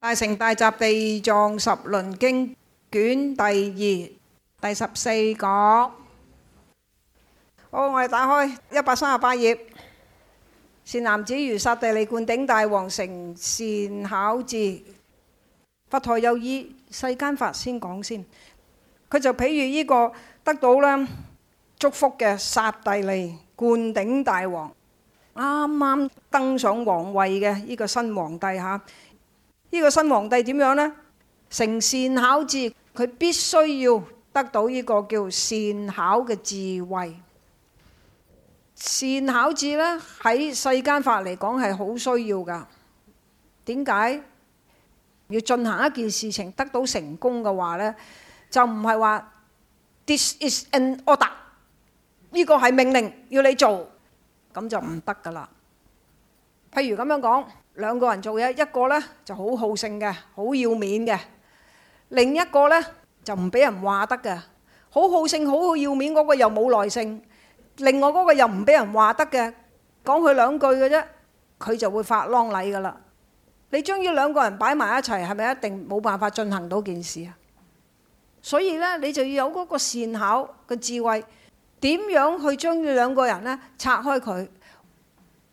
大乘大集地藏十輪經卷第二第十四講，好我哋打開一百三十八頁，善男子如刹帝利冠頂大王成善巧智，佛陀有以世間法先講先，佢就譬如呢個得到咧祝福嘅刹帝利冠頂大王，啱啱登上皇位嘅呢個新皇帝吓。呢個新皇帝點樣呢？成善巧智，佢必須要得到呢個叫善巧嘅智慧。善巧智呢，喺世間法嚟講係好需要㗎。點解要進行一件事情得到成功嘅話呢，就唔係話 this is an order，呢個係命令要你做，咁就唔得㗎啦。譬如咁樣講。兩個人做嘢，一個咧就好好勝嘅，好要面嘅；另一個咧就唔俾人話得嘅。好好勝、好好要面嗰個又冇耐性，另外嗰個又唔俾人話得嘅，講佢兩句嘅啫，佢就會發啷禮噶啦。你將呢兩個人擺埋一齊，係咪一定冇辦法進行到件事啊？所以咧，你就要有嗰個善巧嘅智慧，點樣去將呢兩個人咧拆開佢？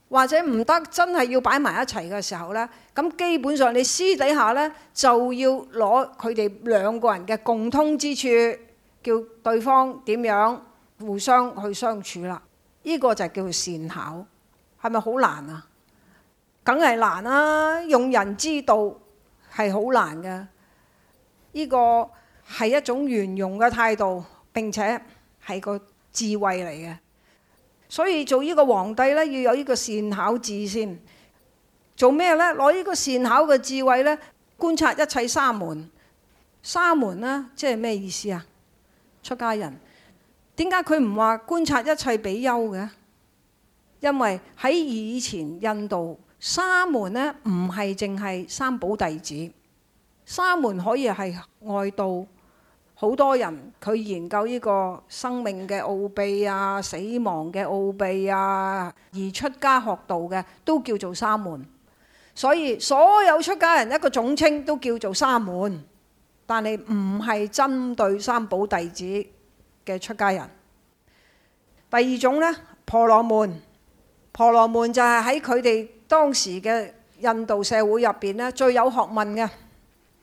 或者唔得，真係要擺埋一齊嘅時候呢，咁基本上你私底下呢，就要攞佢哋兩個人嘅共通之處，叫對方點樣互相去相處啦。呢、這個就叫善巧，係咪好難啊？梗係難啦、啊，用人之道係好難嘅。呢、這個係一種圓融嘅態度，並且係個智慧嚟嘅。所以做呢個皇帝呢，要有呢個善巧智先。做咩呢？攞呢個善巧嘅智慧呢，觀察一切沙門。沙門呢，即係咩意思啊？出家人，點解佢唔話觀察一切比丘嘅？因為喺以前印度，沙門呢唔係淨係三寶弟子，沙門可以係外道。好多人佢研究呢個生命嘅奧秘啊，死亡嘅奧秘啊，而出家學道嘅都叫做沙門。所以所有出家人一個總稱都叫做沙門，但係唔係針對三寶弟子嘅出家人。第二種呢，婆羅門。婆羅門就係喺佢哋當時嘅印度社會入邊呢，最有學問嘅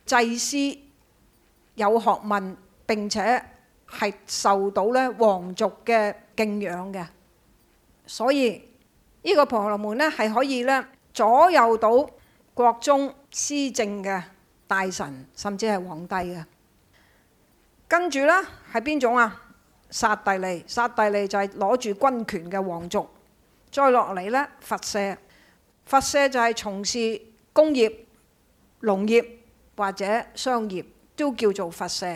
祭司。有學問並且係受到咧皇族嘅敬仰嘅，所以呢個婆羅門咧係可以咧左右到國中施政嘅大臣甚至係皇帝嘅。跟住咧係邊種啊？剎帝利，剎帝利就係攞住軍權嘅皇族。再落嚟咧，筏舍，筏舍就係從事工業、農業或者商業，都叫做筏舍，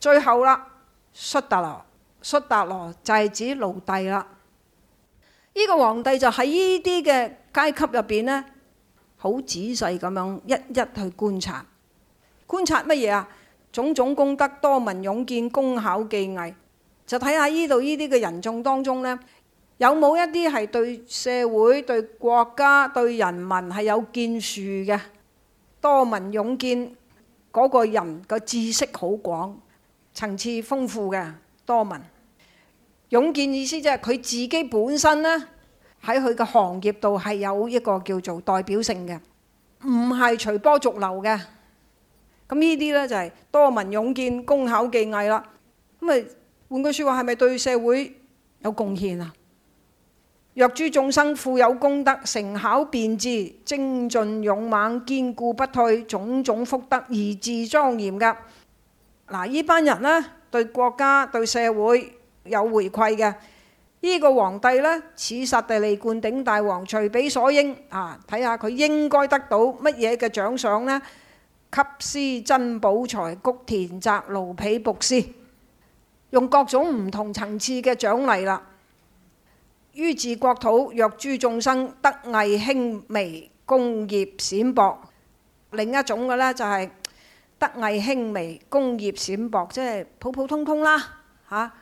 最後啦，戍達羅，戍達羅就係指奴隸啦。呢個皇帝就喺呢啲嘅階級入邊呢，好仔細咁樣一一去觀察，觀察乜嘢啊？種種功德，多聞勇健，工巧伎藝，就睇下呢度呢啲嘅人眾當中呢，有冇一啲係對社會、對國家、對人民係有建樹嘅，多聞勇健。嗰個人個知識好廣，層次豐富嘅，多聞勇健，意思即係佢自己本身呢，喺佢嘅行業度係有一個叫做代表性嘅，唔係隨波逐流嘅。咁呢啲呢，就係、是、多聞勇健，工巧伎藝啦。咁啊換句説話，係咪對社會有貢獻啊？若諸眾生，富有功德，成巧便智，精進勇猛，堅固不退，種種福德而自莊嚴噶。嗱，呢班人呢，對國家對社會有回饋嘅。呢個皇帝呢，此剎帝利灌頂大王，隨彼所應啊，睇下佢應該得到乜嘢嘅獎賞呢。給施珍寶財穀田宅奴婢僕使，用各種唔同層次嘅獎勵啦。於自國土，若諸眾生，德藝輕微，功業尠薄。另一種嘅咧就係德藝輕微，功業尠薄，即係普普通通啦嚇。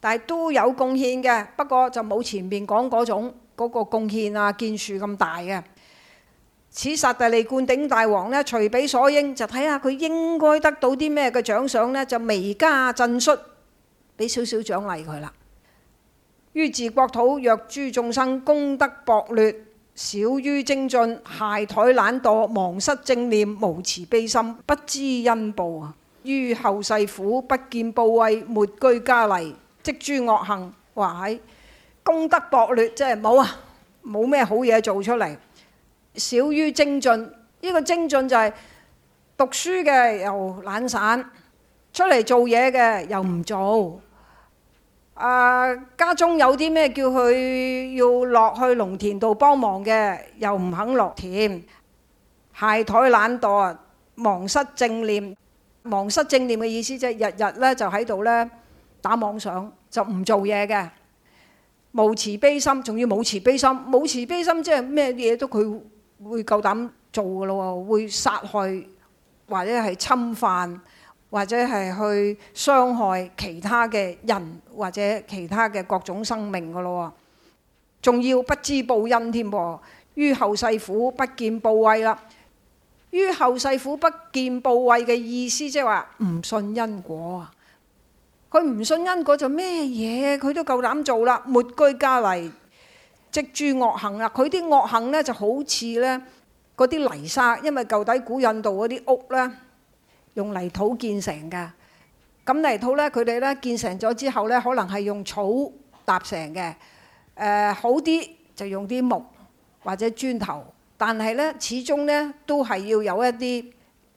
但係都有貢獻嘅，不過就冇前面講嗰種嗰個貢獻啊建樹咁大嘅。此剎帝利灌頂大王咧，隨彼所應，就睇下佢應該得到啲咩嘅獎賞咧，就微加賑恤，俾少少獎勵佢啦。於自國土，若諸眾生功德薄劣，少於精進，懈怠懶惰，忘失正念，無慈悲心，不知恩報，於後世苦，不見怖畏，沒居家泥，積諸惡行。話功德薄劣，即係冇啊，冇咩好嘢做出嚟，少於精進。呢、這個精進就係、是、讀書嘅又懶散，出嚟做嘢嘅又唔做。啊！Uh, 家中有啲咩叫佢要落去農田度幫忙嘅，又唔肯落田，懈怠懶惰啊，忘失正念，忘失正念嘅意思即係，日日咧就喺度咧打妄想，就唔做嘢嘅。無慈悲心，仲要冇慈悲心，冇慈悲心即係咩嘢都佢會夠膽做噶咯，會殺害或者係侵犯。或者係去傷害其他嘅人，或者其他嘅各種生命噶咯，仲要不知報恩添，於後世苦不見怖畏啦。於後世苦不見怖畏嘅意思，即係話唔信因果啊！佢唔信因果就咩嘢？佢都夠膽做啦，沒居家泥，積諸惡行啊！佢啲惡行呢就好似呢嗰啲泥沙，因為舊底古印度嗰啲屋呢。用泥土建成嘅，咁泥土咧佢哋咧建成咗之後咧，可能係用草搭成嘅，誒、呃、好啲就用啲木或者磚頭，但係咧始終咧都係要有一啲，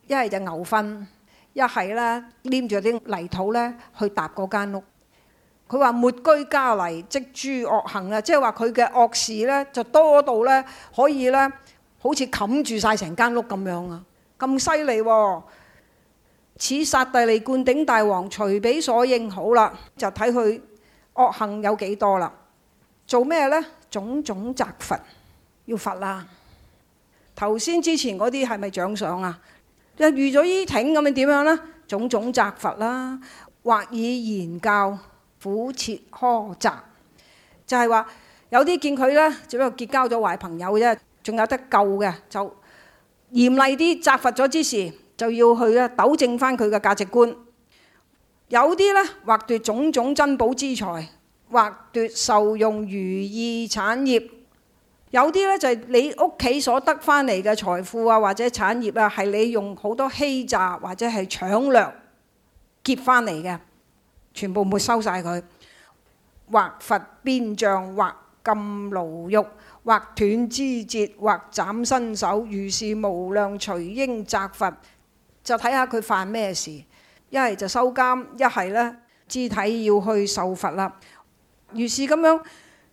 一係就牛糞，呢一係啦黏住啲泥土咧去搭嗰間屋。佢話沒居家泥積諸惡行啊，即係話佢嘅惡事咧就多到咧可以咧好似冚住晒成間屋咁樣啊，咁犀利喎！此剎帝利灌頂大王，隨彼所應，好啦，就睇佢惡行有幾多啦。做咩呢？種種責罰，要罰啦。頭先之前嗰啲係咪獎賞啊？又遇咗依挺咁樣點樣呢？種種責罰啦，或以言教苦切呵責，就係話有啲見佢呢，只不過結交咗壞朋友啫，仲有得救嘅，就嚴厲啲責罰咗之時。就要去咧糾正翻佢嘅價值觀。有啲咧，或奪種種珍寶資財，或奪受用如意產業；有啲咧就係你屋企所得翻嚟嘅財富啊，或者產業啊，係你用好多欺詐或者係搶掠劫翻嚟嘅，全部沒收曬佢。或罰鞭杖，或禁牢獄，或斷肢節，或斬身首，如是無量隨應責罰。就睇下佢犯咩事，一係就收監，一係呢，肢體要去受罰啦。如是咁樣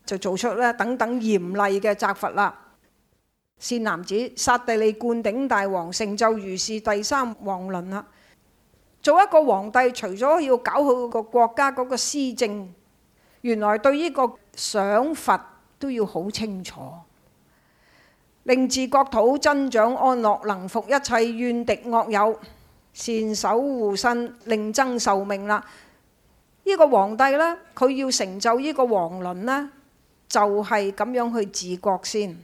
就做出咧等等嚴厲嘅責罰啦。善男子，剎帝利灌頂大王成就如是第三王輪啦。做一個皇帝，除咗要搞好個國家嗰個施政，原來對呢個賞罰都要好清楚。令自國土增長安樂，能伏一切怨敵惡友，善守護身，令增壽命啦。呢、這個皇帝呢，佢要成就呢個王輪呢，就係、是、咁樣去治國先。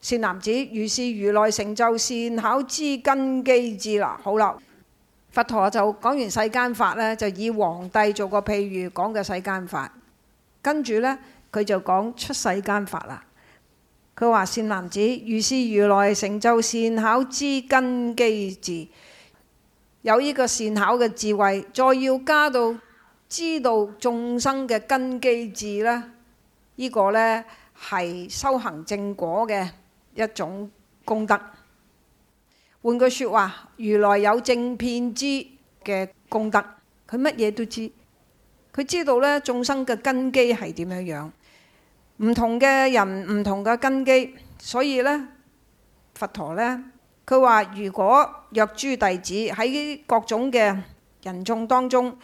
善男子，如是如來成就善巧知根機智啦，好啦。佛陀就講完世間法呢，就以皇帝做個譬如講嘅世間法，跟住呢，佢就講出世間法啦。佢話善男子，如是如來成就善巧知根基智，有呢個善巧嘅智慧，再要加到知道眾生嘅根基智呢，呢、呢個呢，係修行正果嘅一種功德。換句説話，如來有正遍知嘅功德，佢乜嘢都知，佢知道呢，眾生嘅根基係點樣樣。唔同嘅人，唔同嘅根基，所以呢，佛陀呢，佢話如果若諸弟子喺各種嘅人眾當中，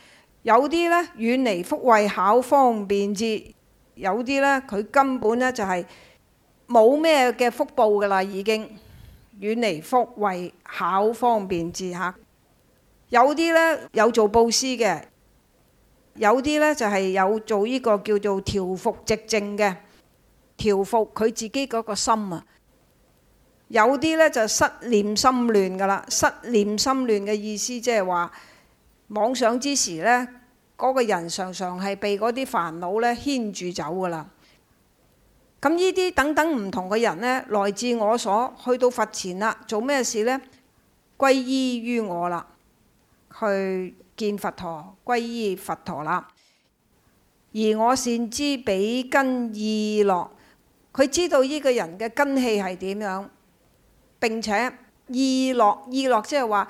有啲呢，遠離福慧巧方便智，有啲呢，佢根本呢就係冇咩嘅福報噶啦，已經遠離福慧巧方便智吓，有啲呢，有做布施嘅。有啲呢，就係有做呢個叫做調伏寂靜嘅調伏佢自己嗰個心啊。有啲呢，就失念心亂噶啦，失念心亂嘅意思即係話妄想之時呢，嗰、嗰個人常常係被嗰啲煩惱咧牽住走噶啦。咁呢啲等等唔同嘅人呢，來自我所去到佛前啦，做咩事呢？歸依於，於我啦，去。見佛陀，皈依佛陀啦。而我善知彼根意樂，佢知道呢個人嘅根氣係點樣，並且意樂意樂，即係話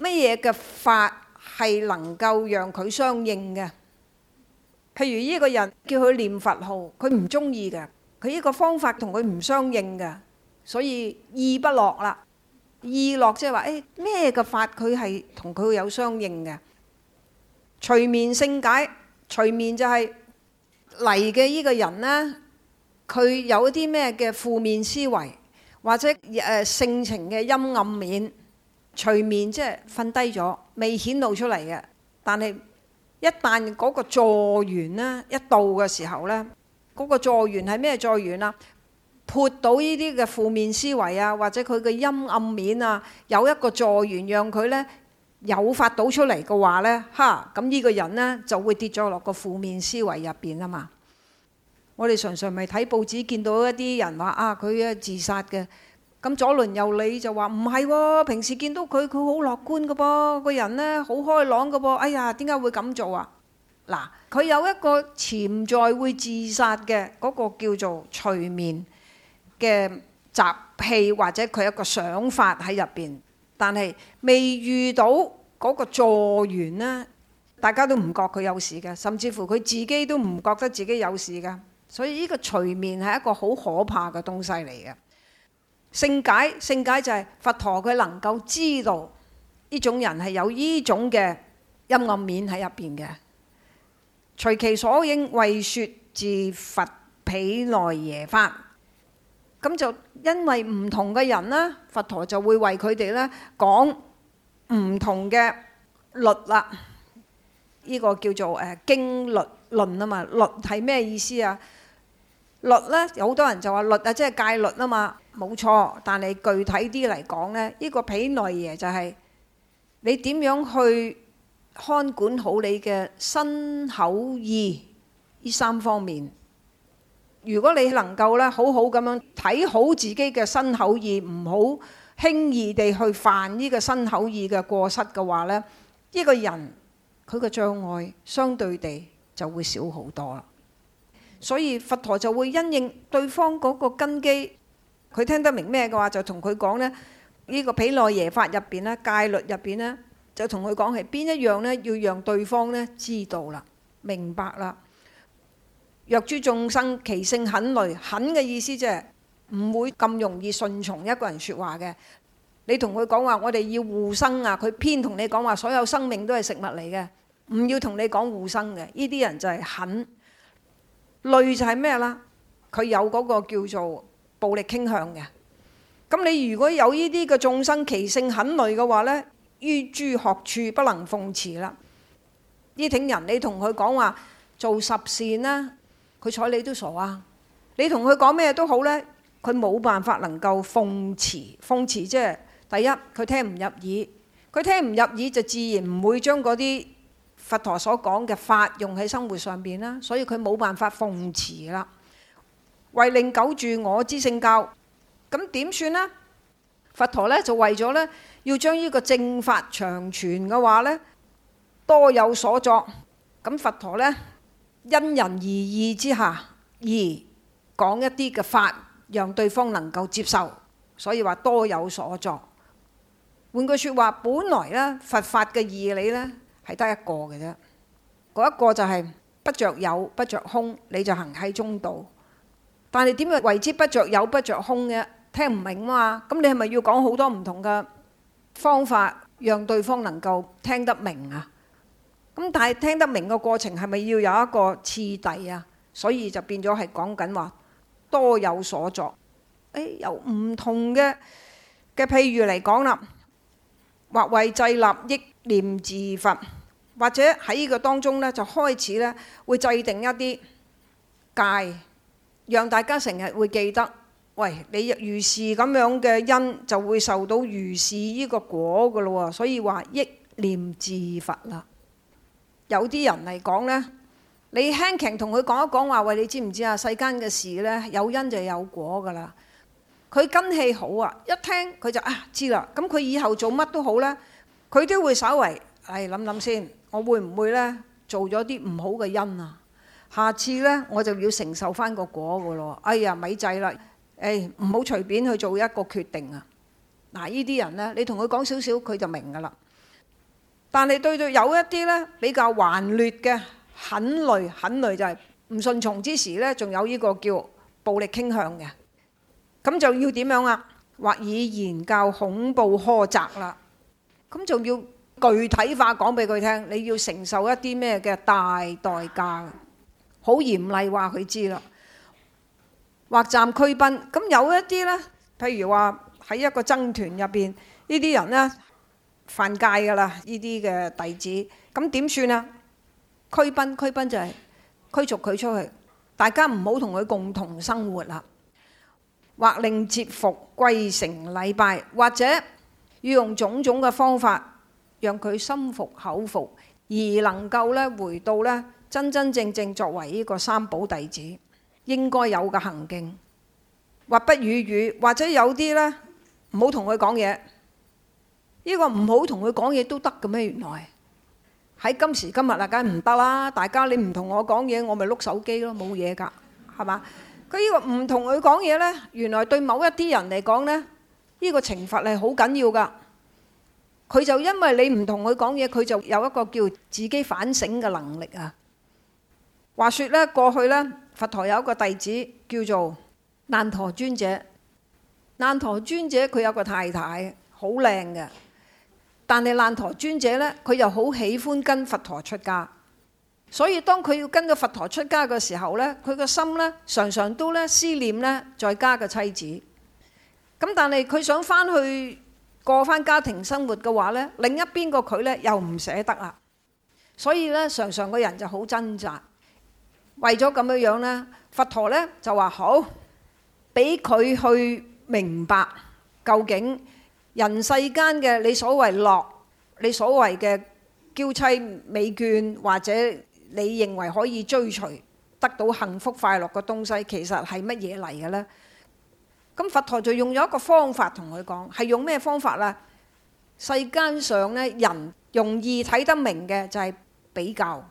乜嘢嘅法係能夠讓佢相應嘅。譬如呢一個人叫佢念佛號，佢唔中意嘅，佢呢個方法同佢唔相應嘅，所以意不樂啦。意樂即係話，誒咩嘅法佢係同佢有相應嘅。隨眠勝解，隨眠就係嚟嘅呢個人呢，佢有啲咩嘅負面思維或者誒、呃、性情嘅陰暗面，隨眠即係瞓低咗，未顯露出嚟嘅。但係一旦嗰個助緣呢，一到嘅時候呢，嗰、嗰個助緣係咩助緣啊？潑到呢啲嘅負面思維啊，或者佢嘅陰暗面啊，有一個助源，讓佢呢誘發到出嚟嘅話呢，哈咁呢、呢個人呢就會跌咗落個負面思維入邊啊嘛。我哋常常咪睇報紙見到一啲人話啊，佢呀自殺嘅，咁左鄰右里就話唔係喎，平時見到佢佢好樂觀嘅噃，個人呢好開朗嘅噃，哎呀點解會咁做啊？嗱，佢有一個潛在會自殺嘅嗰個叫做隨眠。嘅雜氣或者佢一個想法喺入邊，但係未遇到嗰個助緣啦，大家都唔覺佢有事嘅，甚至乎佢自己都唔覺得自己有事嘅。所以呢個隨眠係一個好可怕嘅東西嚟嘅。勝解，勝解就係佛陀佢能夠知道呢種人係有呢種嘅陰暗面喺入邊嘅。隨其所應，為說治罰毗奈耶法。咁就因為唔同嘅人咧，佛陀就會為佢哋咧講唔同嘅律啦。呢個叫做誒經律論啊嘛，律係咩意思啊？律咧有好多人就話律啊，即係戒律啊嘛，冇錯。但係具體啲嚟講咧，呢個毗奈耶就係你點樣去看管好你嘅身口意呢三方面。如果你能夠咧好好咁樣睇好自己嘅身口意，唔好輕易地去犯呢個身口意嘅過失嘅話咧，呢個人佢個障礙相對地就會少好多啦。所以佛陀就會因應對方嗰個根基，佢聽得明咩嘅話，就同佢講咧呢個毗奈耶法入邊咧，戒律入邊咧，就同佢講係邊一樣咧，要讓對方咧知道啦、明白啦。若諸眾生其性佷戾，佷嘅意思即係唔會咁容易順從一個人說話嘅。你同佢講話，我哋要護生啊，佢偏同你講話，所有生命都係食物嚟嘅，唔要同你講護生嘅。呢啲人就係佷，戾就係咩啦？佢有嗰個叫做暴力傾向嘅。咁你如果有呢啲嘅眾生其性佷戾嘅話呢，於諸學處不能奉持啦。呢啲人你同佢講話做十善啦。佢睬你都傻啊！你同佢講咩都好呢，佢冇辦法能夠奉持奉持，即係、就是、第一佢聽唔入耳，佢聽唔入耳就自然唔會將嗰啲佛陀所講嘅法用喺生活上邊啦，所以佢冇辦法奉持啦。為令久住我之聖教，咁點算呢？佛陀呢就為咗呢，要將呢個正法長存嘅話呢，多有所作，咁佛陀呢，因人而異之下而講一啲嘅法，讓對方能夠接受。所以話多有所作。換句説話，本來咧佛法嘅義理咧係得一個嘅啫。嗰一個就係不著有不著空，你就行喺中道。但係點樣為之不著有不著空嘅？聽唔明啊嘛。咁你係咪要講好多唔同嘅方法，讓對方能夠聽得明啊？咁但係聽得明個過程係咪要有一個次第啊？所以就變咗係講緊話多有所作。誒，由唔同嘅嘅譬如嚟講啦，或為制立憶念治罰，或者喺呢個當中咧就開始咧會制定一啲戒，讓大家成日會記得。喂，你如是咁樣嘅因就會受到如是呢個果噶咯喎，所以話憶念治罰啦。有啲人嚟講咧，你輕輕同佢講一講話喂，你知唔知啊？世間嘅事咧，有因就有果噶啦。佢根氣好啊，一聽佢就啊知啦。咁佢以後做乜都好咧，佢都會稍微誒諗諗先，我會唔會咧做咗啲唔好嘅因啊？下次咧我就要承受翻個果噶咯。哎呀，咪制啦，誒唔好隨便去做一個決定啊！嗱，呢啲人咧，你同佢講少少，佢就明噶啦。但係對對有一啲咧比較橫劣嘅佷戾、佷戾，就係唔順從之時咧，仲有呢個叫暴力傾向嘅，咁就要點樣啊？或以言教恐怖呵責啦，咁仲要具體化講俾佢聽，你要承受一啲咩嘅大代價，好嚴厲話佢知啦，或暫驅擯。咁有一啲咧，譬如話喺一個僧團入邊，呢啲人咧。犯戒嘅啦，呢啲嘅弟子，咁點算啊？驅擯，驅擯就係驅逐佢出去，大家唔好同佢共同生活啦。或令折伏，歸誠禮拜，或者要用種種嘅方法，讓佢心服口服，而能夠呢，回到呢，真真正正作為呢個三寶弟子應該有嘅行徑。或不與語，或者有啲呢，唔好同佢講嘢。呢個唔好同佢講嘢都得嘅咩？原來喺今時今日啊，梗係唔得啦！大家你唔同我講嘢，我咪碌手機咯，冇嘢噶，係嘛？佢、這、呢個唔同佢講嘢呢，原來對某一啲人嚟講呢，呢、這個懲罰係好緊要噶。佢就因為你唔同佢講嘢，佢就有一個叫自己反省嘅能力啊。話説呢，過去呢，佛陀有一個弟子叫做難陀尊者。難陀尊者佢有個太太，好靚嘅。但係難陀尊者呢，佢又好喜歡跟佛陀出家，所以當佢要跟個佛陀出家嘅時候呢，佢個心呢，常常都咧思念呢在家嘅妻子。咁但係佢想翻去過翻家庭生活嘅話呢，另一邊個佢呢，又唔捨得喇，所以呢，常常個人就好掙扎，為咗咁樣樣呢，佛陀呢，就話好，俾佢去明白究竟。人世間嘅你所謂樂，你所謂嘅嬌妻美眷，或者你認為可以追隨得到幸福快樂嘅東西，其實係乜嘢嚟嘅呢？咁佛陀就用咗一個方法同佢講，係用咩方法啦？世間上咧，人容易睇得明嘅就係比較，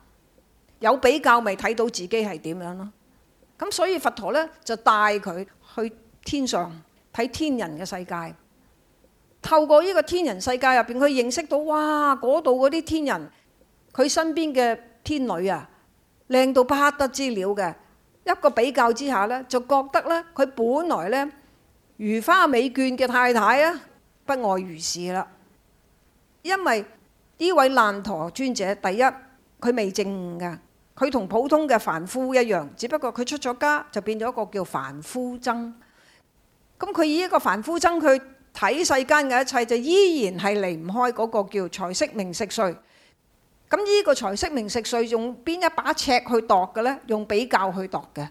有比較咪睇到自己係點樣咯。咁所以佛陀呢，就帶佢去天上睇天人嘅世界。透過呢個天人世界入邊，佢認識到哇，嗰度嗰啲天人，佢身邊嘅天女啊，靚到不得之了嘅。一個比較之下呢，就覺得呢，佢本來呢，如花美眷嘅太太啊，不外如是啦。因為呢位難陀尊者，第一佢未證噶，佢同普通嘅凡夫一樣，只不過佢出咗家，就變咗一個叫凡夫僧。咁佢以一個凡夫僧，佢。睇世間嘅一切就依然係離唔開嗰個叫財色名食睡。咁呢個財色名食睡用邊一把尺去度嘅呢？用比較去度嘅，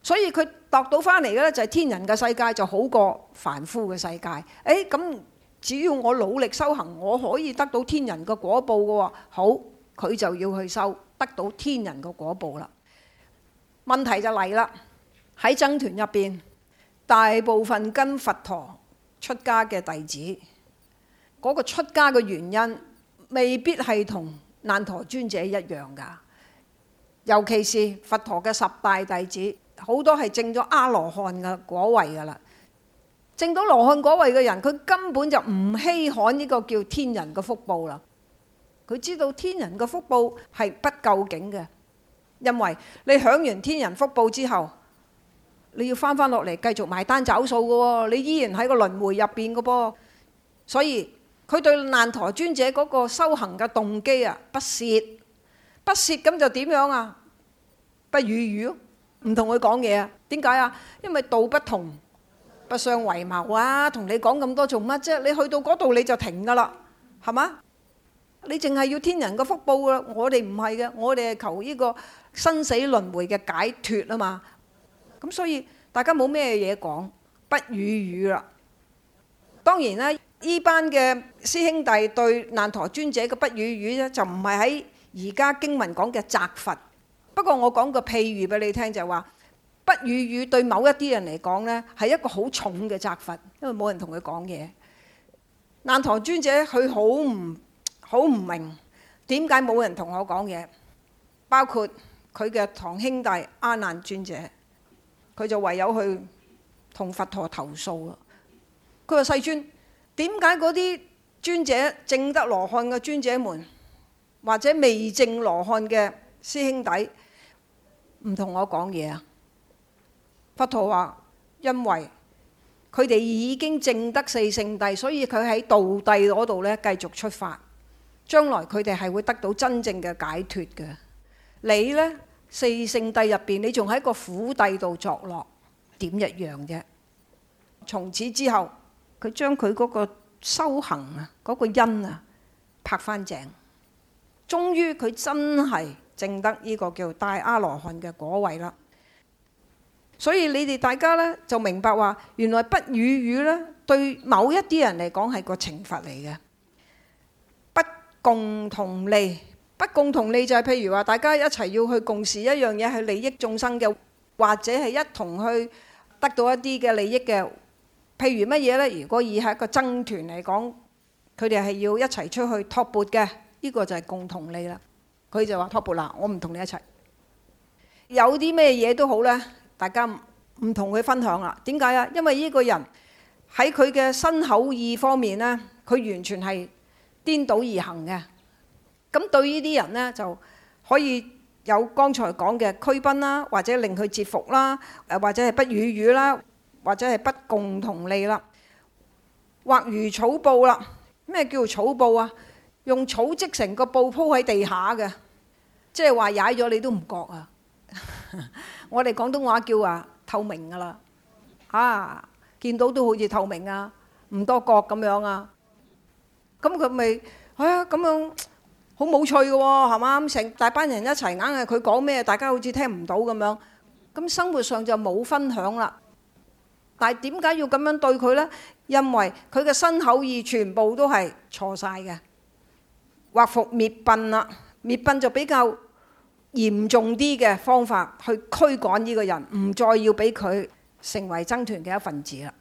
所以佢度到返嚟嘅咧就係天人嘅世界就好過凡夫嘅世界。誒、哎、咁，只要我努力修行，我可以得到天人嘅果報嘅喎。好，佢就要去修得到天人嘅果報啦。問題就嚟啦，喺僧團入邊，大部分跟佛陀，出家嘅弟子，嗰、那個出家嘅原因未必係同難陀尊者一樣噶，尤其是佛陀嘅十大弟子，好多係證咗阿羅漢嘅果位噶啦。證到羅漢果位嘅人，佢根本就唔稀罕呢個叫天人嘅福報啦。佢知道天人嘅福報係不究竟嘅，因為你享完天人福報之後。你要翻翻落嚟，繼續埋單找數嘅喎，你依然喺個輪迴入邊嘅噃，所以佢對難陀尊者嗰個修行嘅動機啊，不屑不屑，咁就點樣啊？不與語，唔同佢講嘢，點解啊？因為道不同，不相為謀啊！同你講咁多做乜啫？你去到嗰度你就停㗎啦，係嘛？你淨係要天人嘅福報啦，我哋唔係嘅，我哋係求呢個生死輪迴嘅解脫啊嘛。咁所以大家冇咩嘢講，不與語啦。當然啦，呢班嘅師兄弟對難陀尊者嘅不與語咧，就唔係喺而家經文講嘅責罰。不過我講個譬喻俾你聽，就係話不與語對某一啲人嚟講咧，係一個好重嘅責罰，因為冇人同佢講嘢。難陀尊者佢好唔好，唔明點解冇人同我講嘢，包括佢嘅堂兄弟阿難尊者。佢就唯有去同佛陀投訴啊！佢話：世尊，點解嗰啲尊者證得羅漢嘅尊者們，或者未證羅漢嘅師兄弟，唔同我講嘢啊？佛陀話：因為佢哋已經證得四聖諦，所以佢喺道諦嗰度咧繼續出發，將來佢哋係會得到真正嘅解脱嘅。你呢？四聖諦入面，你仲喺個苦諦度作樂，點一樣啫？從此之後，佢將佢嗰個修行啊，嗰、嗰個因啊，拍翻正，終於佢真係證得呢個叫大阿羅漢嘅果位啦。所以你哋大家呢，就明白話，原來不與語語呢，對某一啲人嚟講係個懲罰嚟嘅，不共同利。不共同利就係、是、譬如話，大家一齊要去共事一樣嘢係利益眾生嘅，或者係一同去得到一啲嘅利益嘅。譬如乜嘢呢？如果以係一個僧團嚟講，佢哋係要一齊出去托缽嘅，呢、這個就係共同利啦。佢就話托缽啦，我唔同你一齊。有啲咩嘢都好呢，大家唔同佢分享啦。點解啊？因為呢個人喺佢嘅身口意方面呢，佢完全係顛倒而行嘅。咁對呢啲人咧，就可以有剛才講嘅驅擯啦，或者令佢折服啦，誒或者係不與語啦，或者係不共同利啦，或如草布啦。咩叫草布啊？用草織成個布鋪喺地下嘅，即係話踩咗你都唔覺啊！我哋廣東話叫啊透明噶啦，啊見到都好似透明啊，唔多覺咁樣啊。咁佢咪係啊咁樣？好冇趣嘅喎、哦，係嘛？咁成大班人一齊硬係佢講咩，大家好似聽唔到咁樣。咁生活上就冇分享啦。但係點解要咁樣對佢呢？因為佢嘅身口意全部都係錯晒嘅，或復滅擯啦，滅擯就比較嚴重啲嘅方法去驅趕呢個人，唔再要俾佢成為僧團嘅一份子啦。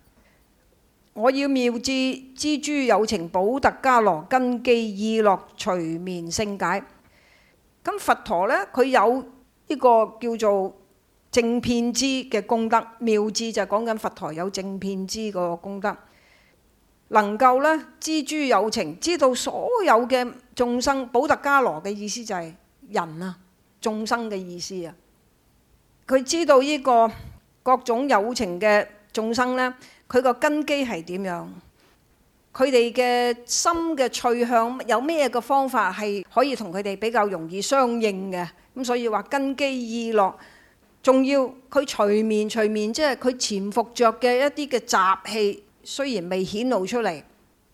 我以妙智知諸有情，補特伽羅根機意樂隨眠勝解。咁佛陀咧，佢有呢個叫做正遍知嘅功德，妙智就係講緊佛陀有正遍知個功德，能夠咧知諸有情，知道所有嘅眾生，補特伽羅嘅意思就係人啊，眾生嘅意思啊，佢知道呢、這個各種有情嘅眾生咧。佢個根基係點樣？佢哋嘅心嘅趣向有咩嘅方法係可以同佢哋比較容易相應嘅？咁所以話根機意樂，仲要佢隨眠隨眠，即係佢潛伏着嘅一啲嘅習氣，雖然未顯露出嚟，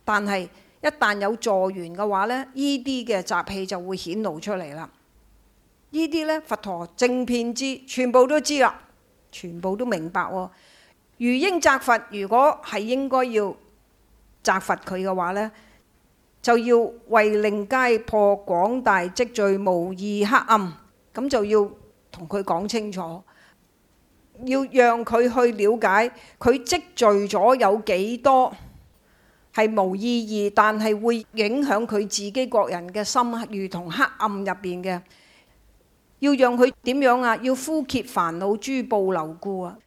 但係一旦有助緣嘅話咧，呢啲嘅習氣就會顯露出嚟啦。呢啲呢，佛陀正遍知，全部都知啦，全部都明白。如應責罰，如果係應該要責罰佢嘅話咧，就要為令皆破廣大積聚無義黑暗，咁就要同佢講清楚，要讓佢去了解佢積聚咗有幾多係無意義，但係會影響佢自己個人嘅心，如同黑暗入邊嘅，要讓佢點樣啊？要枯竭煩惱諸瀑流故啊！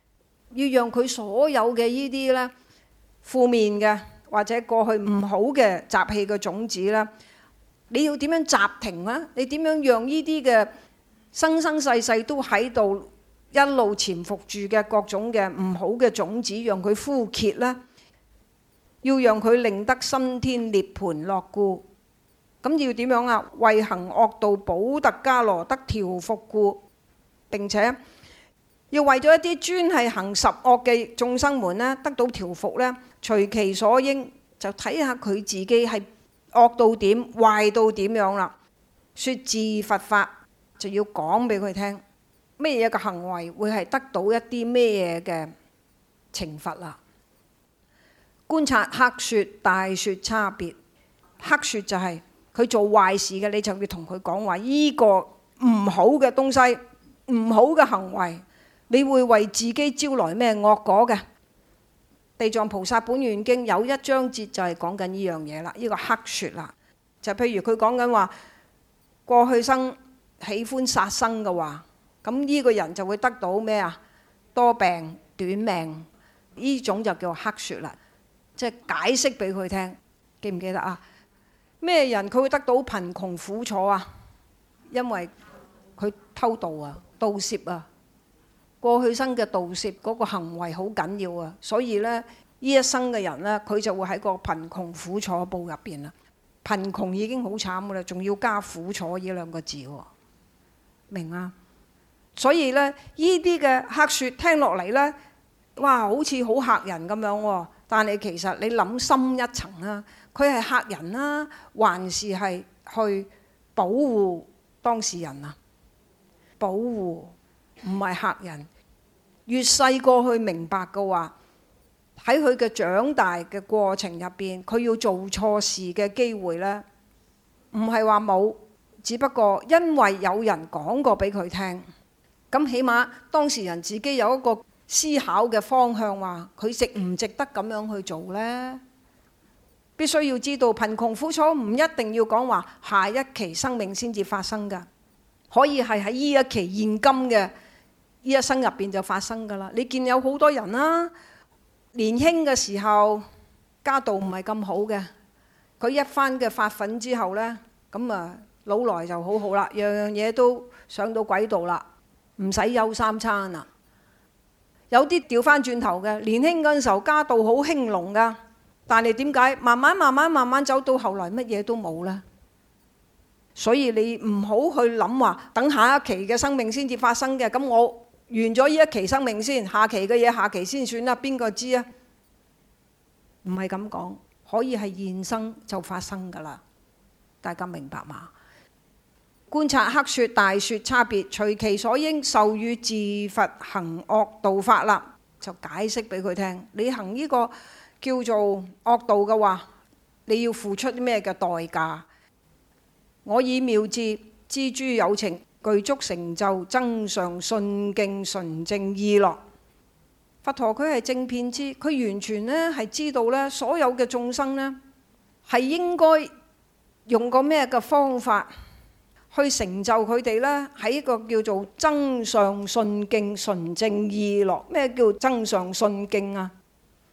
要讓佢所有嘅呢啲咧負面嘅或者過去唔好嘅雜氣嘅種子咧、嗯，你要點樣暫停咧？你點樣讓呢啲嘅生生世世都喺度一路潛伏住嘅各種嘅唔好嘅種子，讓佢枯竭咧？要讓佢令得生天涅槃樂故，咁要點樣啊？為行惡道，補特伽羅得調伏故，並且。要為咗一啲專係行十惡嘅眾生們咧，得到調伏咧，隨其所應就睇下佢自己係惡到點、壞到點樣啦。説治罰法就要講俾佢聽咩嘢嘅行為會係得到一啲咩嘢嘅懲罰啦。觀察黑說、大說差別，黑說就係、是、佢做壞事嘅，你就會同佢講話：呢、呢個唔好嘅東西，唔好嘅行為。你會為自己招來咩惡果嘅？地藏菩薩本願經有一章節就係講緊呢樣嘢啦，呢、這個黑說啦，就是、譬如佢講緊話，過去生喜歡殺生嘅話，咁、這、呢個人就會得到咩啊？多病短命，呢種就叫黑說啦，即、就、係、是、解釋俾佢聽，記唔記得啊？咩人佢會得到貧窮苦楚啊？因為佢偷盜啊，盜竊啊。過去生嘅盜竊嗰個行為好緊要啊，所以呢，呢一生嘅人呢，佢就會喺個貧窮苦楚報入邊啦。貧窮已經好慘噶啦，仲要加苦楚呢兩個字喎，明啊。所以呢，呢啲嘅黑説聽落嚟呢，哇，好似好嚇人咁樣喎，但係其實你諗深一層啊，佢係嚇人啊，還是係去保護當事人啊？保護唔係嚇人。越細過去明白嘅話，喺佢嘅長大嘅過程入邊，佢要做錯事嘅機會呢？唔係話冇，只不過因為有人講過俾佢聽，咁起碼當事人自己有一個思考嘅方向，話佢值唔值得咁樣去做呢？必須要知道貧窮苦楚唔一定要講話下一期生命先至發生噶，可以係喺呢一期現今嘅。呢一生入邊就發生噶啦，你見有好多人啦，啊，年輕嘅時候家道唔係咁好嘅，佢一番嘅發奮之後呢，咁、嗯、啊老來就好好啦，樣樣嘢都上到軌道啦，唔使憂三餐啦。有啲調翻轉頭嘅，年輕嗰陣時候家道好興隆噶，但係點解慢慢慢慢慢慢走到後來乜嘢都冇呢？所以你唔好去諗話，等下一期嘅生命先至發生嘅，咁我。完咗呢一期生命先，下期嘅嘢下期先算啦，邊個知啊？唔係咁講，可以係現生就發生噶啦，大家明白嘛？觀察黑說、大說差別，隨其所應，授與治罰行惡道法啦，就解釋俾佢聽。你行呢個叫做惡道嘅話，你要付出咩嘅代價？我以妙智知諸有情。具足成就增上信敬純正意樂。佛陀佢係正遍知，佢完全咧係知道咧，所有嘅眾生咧係應該用個咩嘅方法去成就佢哋咧？喺一個叫做增上信敬純正意樂。咩叫增上信敬啊？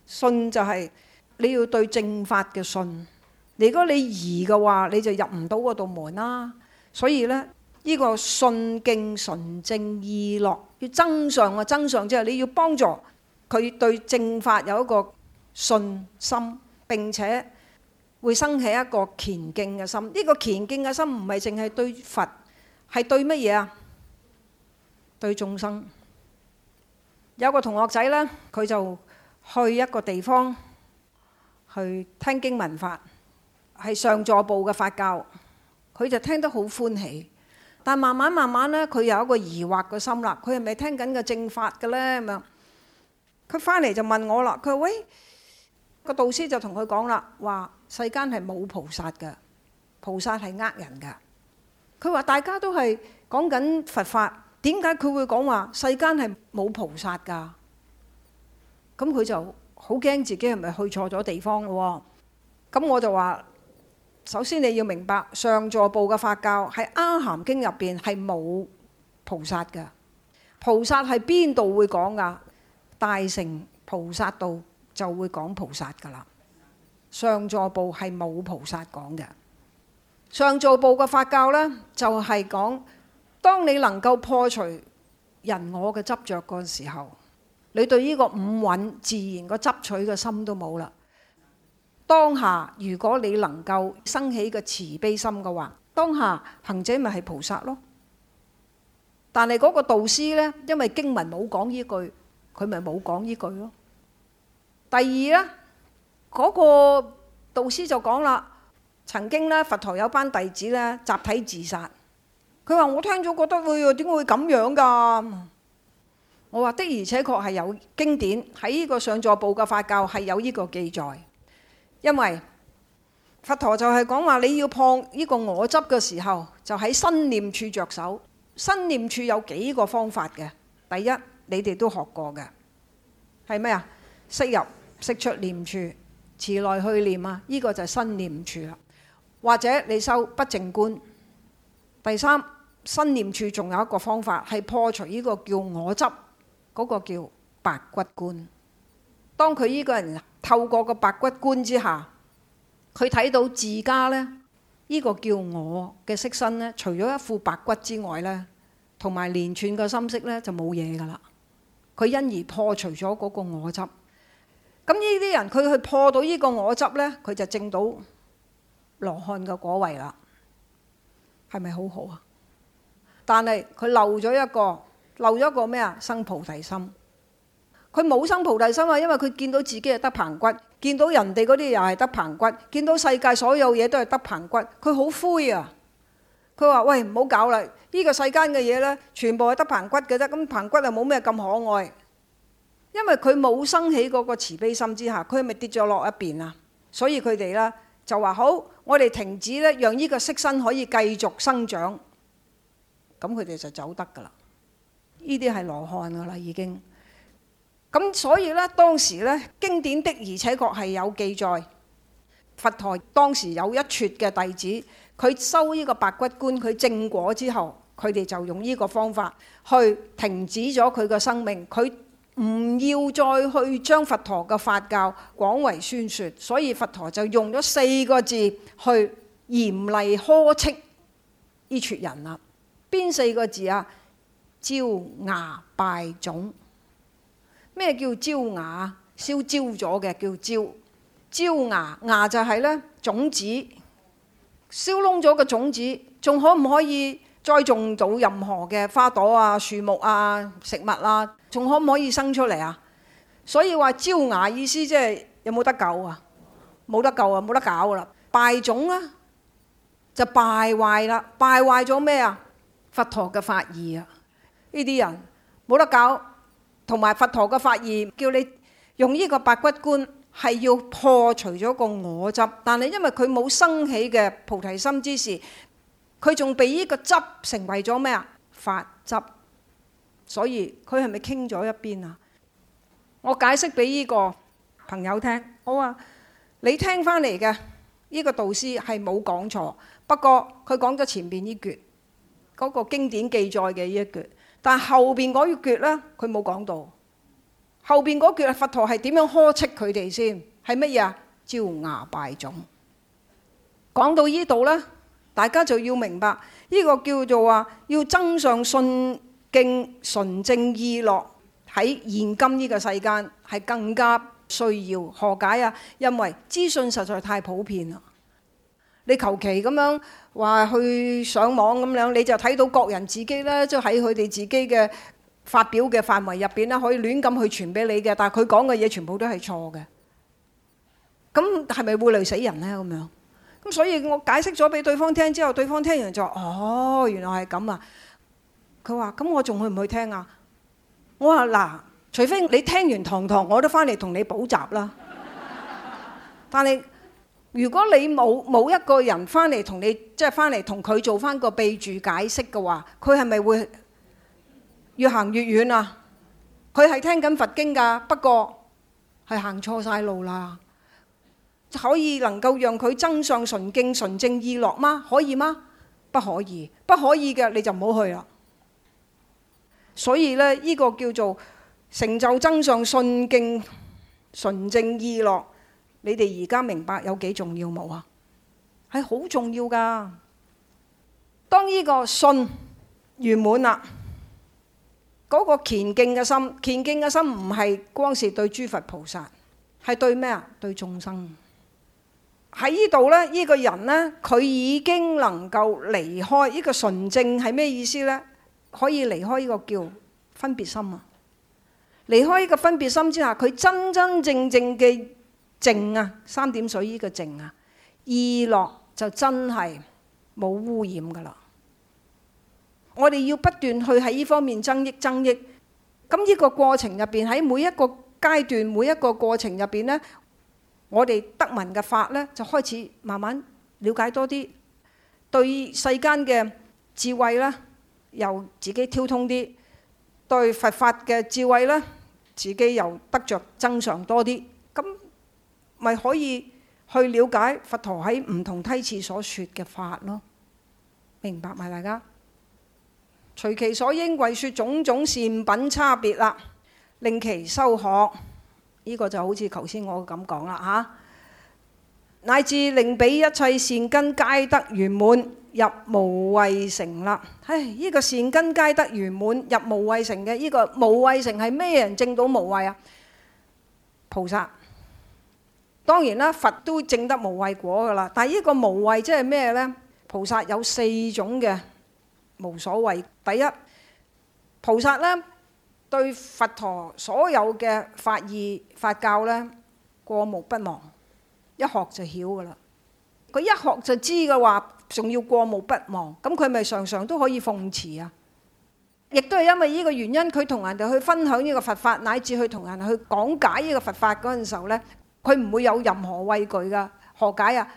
信就係你要對正法嘅信，如果你疑嘅話，你就入唔到嗰道門啦。所以咧。呢個信敬純正意樂，要增上嘅增上之後，你要幫助佢對正法有一個信心，並且會生起一個虔敬嘅心。呢、呢個虔敬嘅心唔係淨係對佛，係對乜嘢啊？對眾生。有個同學仔呢，佢就去一個地方去聽經聞法，係上座部嘅法教，佢就聽得好歡喜。但慢慢慢慢咧，佢有一個疑惑嘅心啦，佢係咪聽緊個正法嘅咧咁樣？佢翻嚟就問我啦，佢話喂個導師就同佢講啦，話世間係冇菩薩噶，菩薩係呃人噶。佢話大家都係講緊佛法，點解佢會講話世間係冇菩薩噶？咁佢就好驚自己係咪去錯咗地方咯？咁我就話。首先你要明白，上座部嘅法教喺《阿含經》入邊係冇菩薩噶，菩薩係邊度會講噶？大乘菩薩道就會講菩薩噶啦。上座部係冇菩薩講嘅。上座部嘅法教呢，就係講，當你能夠破除人我嘅執着嗰時候，你對呢個五蘊自然個執取嘅心都冇啦。當下如果你能夠生起個慈悲心嘅話，當下行者咪係菩薩咯。但係嗰個導師咧，因為經文冇講呢句，佢咪冇講呢句咯。第二咧，嗰個導師就講啦，曾經咧佛陀有班弟子咧集體自殺，佢話我聽咗覺得，哎呀，點會咁樣噶？我話的而且確係有經典喺呢個上座部嘅法教係有呢個記載。因為佛陀就係講話你要破呢個我執嘅時候，就喺身念處着手。身念處有幾個方法嘅，第一你哋都學過嘅，係咩啊？息入息出念處，持來去念啊，呢個就係身念處啦。或者你修不淨觀。第三身念處仲有一個方法係破除呢個叫我執嗰個叫白骨觀。當佢呢個人透過個白骨觀之下，佢睇到自家咧，呢個叫我嘅色身咧，除咗一副白骨之外咧，同埋連串嘅心色咧就冇嘢噶啦。佢因而破除咗嗰個我執。咁呢啲人佢去破到呢個我執咧，佢就證到羅漢嘅果位啦。係咪好好啊？但係佢漏咗一個，漏咗一個咩啊？生菩提心。佢冇生菩提心啊，因為佢見到自己係得棚骨，見到人哋嗰啲又係得棚骨，見到世界所有嘢都係得棚骨，佢好灰啊！佢話：喂，唔好搞啦！呢、這個世間嘅嘢咧，全部係得棚骨嘅啫。咁棚骨又冇咩咁可愛，因為佢冇生起嗰個慈悲心之下，佢咪跌咗落一邊啊！所以佢哋咧就話好，我哋停止咧，讓呢個色身可以繼續生長，咁佢哋就走得噶啦。呢啲係羅漢噶啦，已經。咁所以咧，當時咧，經典的而且確係有記載，佛陀當時有一撮嘅弟子，佢收呢個白骨觀，佢正果之後，佢哋就用呢個方法去停止咗佢個生命，佢唔要再去將佛陀嘅法教廣為宣説，所以佛陀就用咗四個字去嚴厲呵斥呢撮人啦。邊四個字啊？焦芽敗種。咩叫焦芽？燒焦咗嘅叫焦。焦芽，芽就係咧，種子燒窿咗嘅種子，仲可唔可以栽種到任何嘅花朵啊、樹木啊、食物啊？仲可唔可以生出嚟啊？所以話焦芽意思即係有冇得救啊？冇得救啊！冇得搞啦！敗種啊！就敗壞啦！敗壞咗咩啊？佛陀嘅法義啊！呢啲人冇得搞。同埋佛陀嘅法義，叫你用呢個白骨觀，係要破除咗個我執。但係因為佢冇生起嘅菩提心之時，佢仲被呢個執成為咗咩啊？法執。所以佢係咪傾咗一邊啊？我解釋俾呢個朋友聽，我話你聽翻嚟嘅呢個導師係冇講錯，不過佢講咗前邊呢句嗰個經典記載嘅呢一句。但後邊嗰一腳咧，佢冇講到後邊嗰腳啊！佛陀係點樣呵斥佢哋先係乜嘢啊？招牙敗眾講到呢度咧，大家就要明白呢個叫做話，要增上信敬純正意樂，喺現今呢個世間係更加需要，何解啊？因為資訊實在太普遍啦。你求其咁樣話去上網咁樣，你就睇到各人自己咧，即係喺佢哋自己嘅發表嘅範圍入邊咧，可以亂咁去傳俾你嘅。但係佢講嘅嘢全部都係錯嘅。咁係咪會累死人咧？咁樣咁所以我解釋咗俾對方聽之後，對方聽完就哦，原來係咁啊。佢話：咁我仲去唔去聽啊？我話：嗱，除非你聽完堂堂，我都翻嚟同你補習啦。但係，如果你冇冇一個人翻嚟同你，即係翻嚟同佢做翻個備註解釋嘅話，佢係咪會越行越遠啊？佢係聽緊佛經㗎，不過係行錯晒路啦。可以能夠讓佢增上信敬純正意樂嗎？可以嗎？不可以，不可以嘅你就唔好去啦。所以咧，呢個叫做成就增上信敬純正意樂。你哋而家明白有幾重要冇啊？係好重要㗎。當呢個信完滿啦，嗰個虔敬嘅心，虔敬嘅心唔係光是對諸佛菩薩，係對咩啊？對眾生。喺呢度咧，呢個人咧，佢已經能夠離開。呢個純正係咩意思咧？可以離開呢個叫分別心啊！離開呢個分別心之下，佢真真正正嘅。淨啊，三點水依個淨啊，二落就真係冇污染噶啦。我哋要不斷去喺呢方面增益增益。咁呢個過程入邊，喺每一個階段、每一個過程入邊呢，我哋得聞嘅法呢，就開始慢慢了解多啲對世間嘅智慧啦，又自己挑通啲對佛法嘅智慧啦，自己又得着增長多啲，咪可以去了解佛陀喺唔同梯次所說嘅法咯，明白咪大家，隨其所應為說種種善品差別啦，令其修學。呢個就好似頭先我咁講啦，吓、啊、乃至令彼一切善根皆得圓滿，入無畏城啦。唉，呢個善根皆得圓滿，入無畏城嘅，呢個無畏城係咩人證到無畏啊？菩薩。當然啦，佛都證得無畏果噶啦。但係呢個無畏即係咩咧？菩薩有四種嘅無所畏。第一，菩薩咧對佛陀所有嘅法義法教咧過目不忘，一學就曉噶啦。佢一學就知嘅話，仲要過目不忘。咁佢咪常常都可以奉持啊！亦都係因為呢個原因，佢同人哋去分享呢個佛法，乃至去同人去講解呢個佛法嗰陣時候咧。佢唔會有任何畏懼噶，何解啊？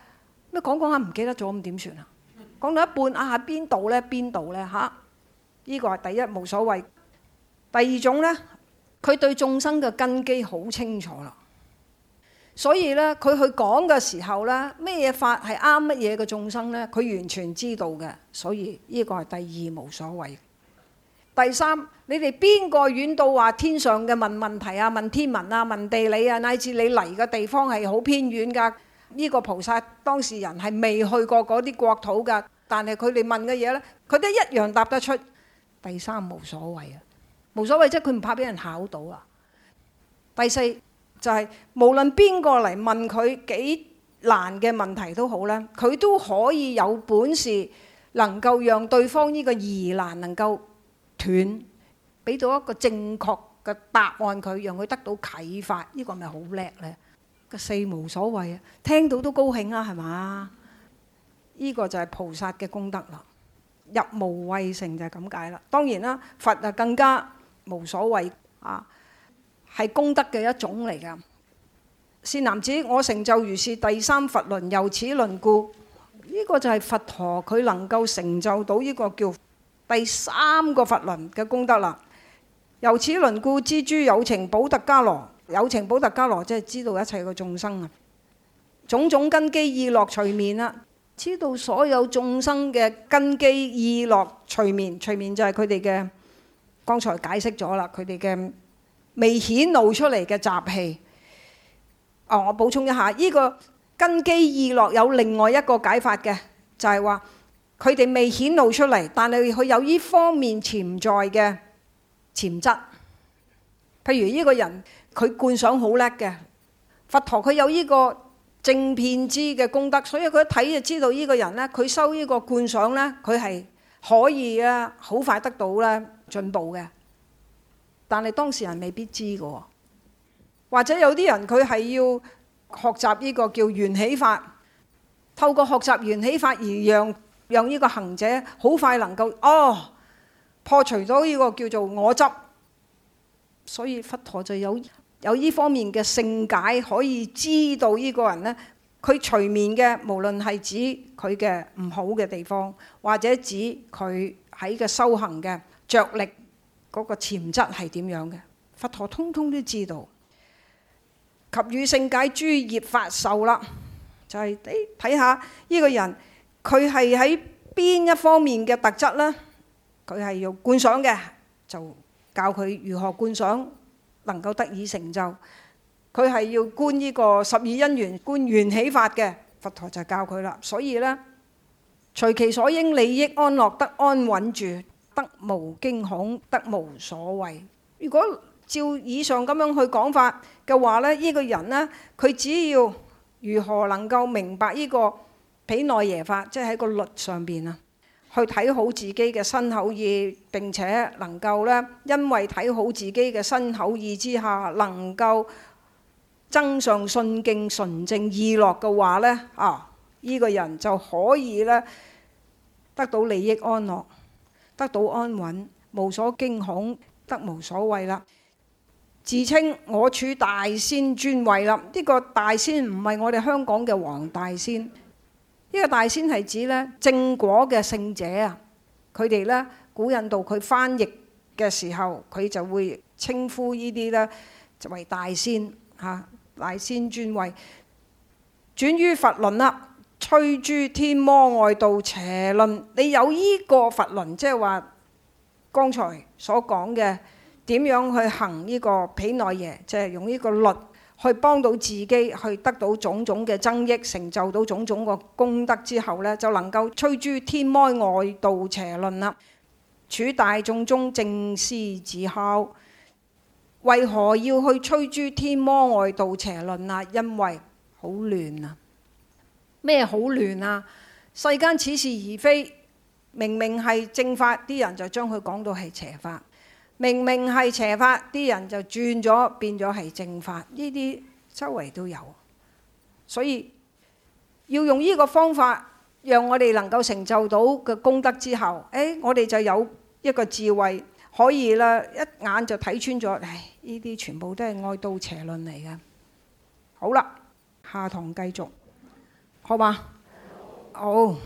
咩講講下唔記得咗咁點算啊？講到一半啊，邊度咧？邊度咧？嚇！呢個係第一無所畏。第二種咧，佢對眾生嘅根基好清楚啦，所以咧佢去講嘅時候咧，咩嘢法係啱乜嘢嘅眾生咧？佢完全知道嘅，所以呢個係第二無所畏。第三，你哋邊個遠到話天上嘅問問題啊？問天文啊？問地理啊？乃至你嚟嘅地方係好偏遠㗎，呢個菩薩當時人係未去過嗰啲國土㗎。但係佢哋問嘅嘢呢，佢都一樣答得出。第三無所畏啊，無所畏，即係，佢唔怕俾人考到啊。第四就係無論邊個嚟問佢幾難嘅問題都好啦，佢都可以有本事能夠讓對方呢個疑難能夠。斷，俾到一個正確嘅答案佢，讓佢得到啟發，呢個咪好叻咧。個四無所畏啊，聽到都高興啦，係嘛？呢個就係菩薩嘅功德啦。入無畏城就咁解啦。當然啦，佛啊更加無所畏啊，係功德嘅一種嚟㗎。善男子，我成就如是第三佛輪，由此輪故，呢個就係佛陀佢能夠成就到呢個叫。第三個佛輪嘅功德啦，由此輪故，知諸有情補特伽羅，有情補特伽羅即係知道一切嘅眾生啊，種種根機意樂隨眠啦，知道所有眾生嘅根機意樂隨眠。隨眠就係佢哋嘅剛才解釋咗啦，佢哋嘅未顯露出嚟嘅雜氣。哦，我補充一下，呢個根機意樂有另外一個解法嘅，就係話。佢哋未顯露出嚟，但係佢有呢方面潛在嘅潛質。譬如呢個人，佢觀想好叻嘅，佛陀佢有呢個正遍知嘅功德，所以佢一睇就知道呢個人呢，佢修呢個觀想呢，佢係可以啊，好快得到呢進步嘅。但係當事人未必知嘅，或者有啲人佢係要學習呢個叫緣起法，透過學習緣起法而讓。讓呢個行者好快能夠哦破除咗呢個叫做我執，所以佛陀就有有呢方面嘅勝解，可以知道呢個人呢，佢隨眠嘅無論係指佢嘅唔好嘅地方，或者指佢喺嘅修行嘅着力嗰、那個潛質係點樣嘅，佛陀通通都知道。及與勝解諸業法受啦，就係睇下呢個人。佢係喺邊一方面嘅特質咧？佢係要觀想嘅，就教佢如何觀想，能夠得以成就。佢係要觀呢個十二因緣、觀緣起法嘅，佛陀就教佢啦。所以咧，隨其所應利益安樂得安穩住，得無驚恐，得無所畏。如果照以上咁樣去講法嘅話咧，呢個人咧，佢只要如何能夠明白呢個毗奈耶法，即係喺個律上邊啊，去睇好自己嘅身口意，並且能夠呢，因為睇好自己嘅身口意之下，能夠增上信敬純正意樂嘅話呢，啊，呢、這個人就可以呢，得到利益安樂，得到安穩，無所驚恐，得無所畏啦。自稱我處大仙尊位啦，呢、這個大仙唔係我哋香港嘅黃大仙。呢個大仙係指咧正果嘅聖者啊，佢哋咧古印度佢翻譯嘅時候，佢就會稱呼呢啲咧為大仙嚇，大仙尊位，轉於佛輪啦，摧諸天魔外道邪論。你有呢個佛輪，即係話剛才所講嘅點樣去行呢個毗奈耶，即係用呢個律。去幫到自己，去得到種種嘅增益，成就到種種個功德之後呢，就能夠摧諸天魔外道邪論啦。處大眾中正師子吼，為何要去摧諸天魔外道邪論啊？因為好亂啊！咩好亂啊？世間似是而非，明明係正法，啲人就將佢講到係邪法。明明係邪法，啲人就轉咗，變咗係正法。呢啲周圍都有，所以要用呢個方法，讓我哋能夠成就到嘅功德之後，誒、哎，我哋就有一個智慧，可以啦，一眼就睇穿咗。誒、哎，呢啲全部都係外道邪論嚟嘅。好啦，下堂繼續，好嘛？好、oh.。